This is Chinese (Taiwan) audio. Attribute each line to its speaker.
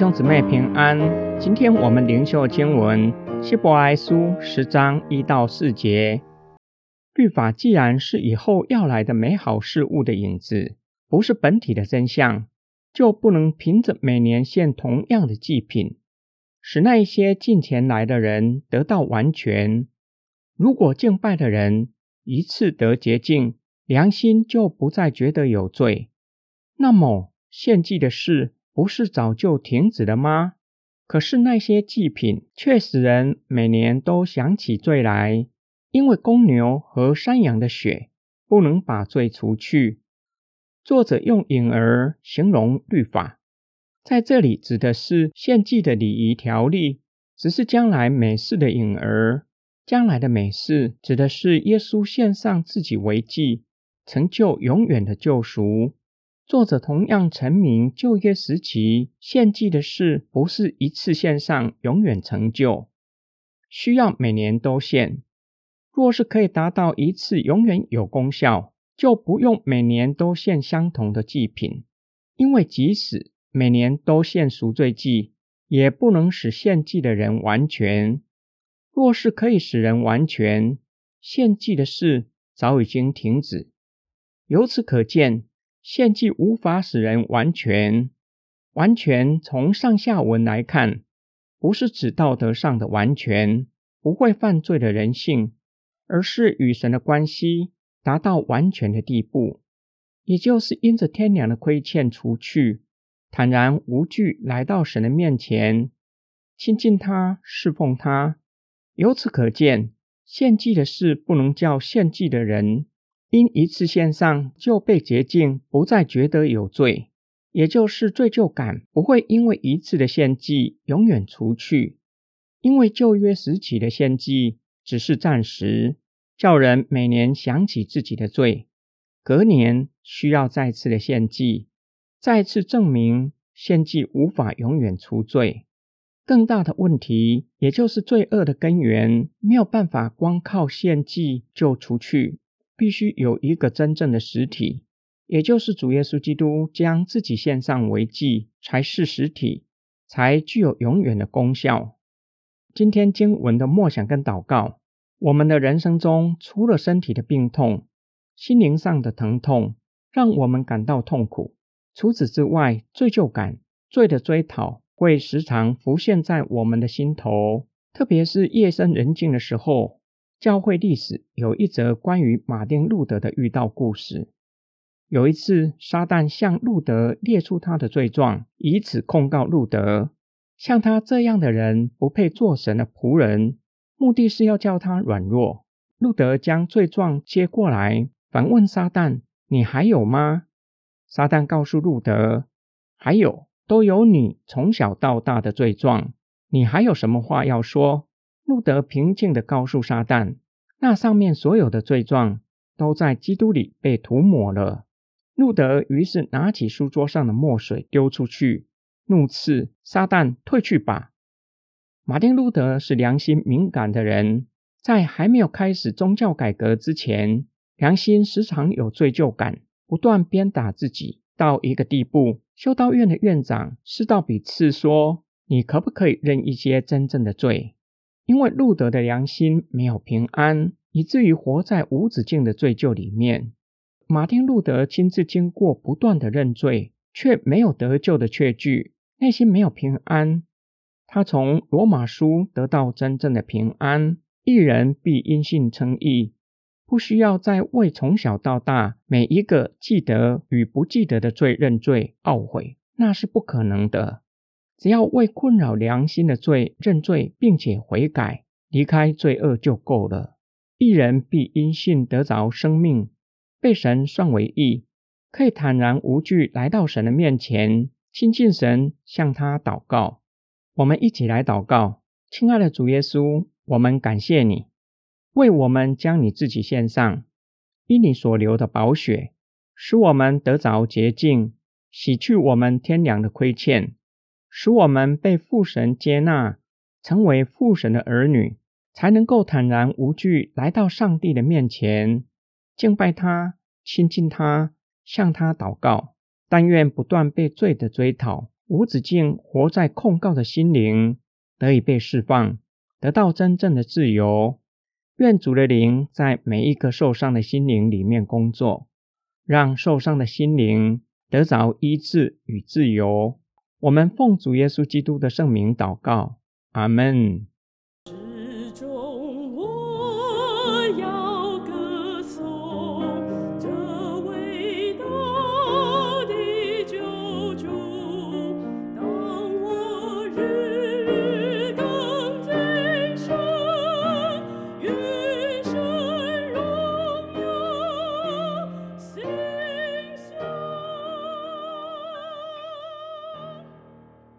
Speaker 1: 弟兄姊妹平安，今天我們靈修經文《希伯來書》十章一到四節。律法既然是以後要來的美好事物的影子，不是本體的真相，就不能憑着每年獻同樣的祭品，使那些進前來的人得到完全。如果敬拜的人一次得潔淨，良心就不再覺得有罪，那麼獻祭的事，不是早就停止了嗎？可是那些祭品卻使人每年都想起罪來，因為公牛和山羊的血不能把罪除去。作者用影兒形容律法，在這裡指的是獻祭的禮儀條例，只是將來美事的影兒。將來的美事指的是耶穌獻上自己為祭，成就永遠的救贖。作者同樣陳明，舊約時期獻祭的事，不是一次獻上永遠成就，需要每年都獻。若是可以達到一次永遠有功效，就不用每年都獻相同的祭品，因為即使每年都獻贖罪祭，也不能使獻祭的人完全。若是可以使人完全，獻祭的事早已經停止。由此可見，獻祭無法使人完全。完全從上下文來看，不是指道德上的完全，不會犯罪的人性，而是與神的關係達到完全的地步，也就是因着天良的虧欠除去，坦然無懼來到神的面前，親近他，侍奉他由此可見，獻祭的事不能叫獻祭的人因一次獻上就被潔淨，不再覺得有罪，也就是罪疚感不會因為一次的獻祭永遠除去。因為舊約時期的獻祭只是暫時，叫人每年想起自己的罪，隔年需要再次的獻祭，再次證明獻祭無法永遠除罪。更大的問題，也就是罪惡的根源沒有辦法光靠獻祭就除去。必須有一個真正的實體，也就是主耶穌基督將自己獻上為祭，才是實體，才具有永遠的功效。今天經文的默想跟禱告，我們的人生中除了身體的病痛、心靈上的疼痛，讓我們感到痛苦。除此之外，罪疚感、罪的追討會時常浮現在我們的心頭，特別是夜深人靜的時候。教會歷史有一則關於馬丁·路德的喻道故事。有一次，撒但向路德列出他的罪狀，以此控告路德，像他這樣的人不配做神的僕人，目的是要叫他軟弱。路德將罪狀接過來，反問撒但：“你還有嗎？”撒但告訴路德：“還有，都有你從小到大的罪狀。你還有什麼話要說？”路德平靜地告訴撒但：“那上面所有的罪狀都在基督裡被塗抹了。”路德於是拿起書桌上的墨水丟出去，怒斥撒但：“退去吧！”馬丁·路德是良心敏感的人，在還沒有開始宗教改革之前，良心時常有罪疚感，不斷鞭打自己到一個地步。修道院的院長施道比次說：“你可不可以認一些真正的罪？”因為路德的良心沒有平安，以至於活在無止境的罪疚裡面。馬丁·路德親自經過不斷的認罪，卻沒有得救的確據，內心沒有平安。他從羅馬書得到真正的平安：義人必因信稱義，不需要再為從小到大每一個記得與不記得的罪認罪懊悔，那是不可能的。只要為困擾良心的罪認罪，並且悔改，離開罪惡就夠了。義人必因信得着生命，被神算為義，可以坦然無懼來到神的面前，親近神，向他禱告。我們一起來禱告，親愛的主耶穌，我們感謝你，為我們將你自己獻上，因你所流的寶血，使我們得着潔淨，洗去我們天良的虧欠。使我們被父神接納，成為父神的兒女，才能夠坦然無懼來到上帝的面前，敬拜他，親近他，向他禱告。但願不斷被罪的追討、無止境活在控告的心靈得以被釋放，得到真正的自由。願主的靈在每一個受傷的心靈裡面工作，讓受傷的心靈得着醫治與自由。我們奉主耶穌基督的聖名禱告，阿門。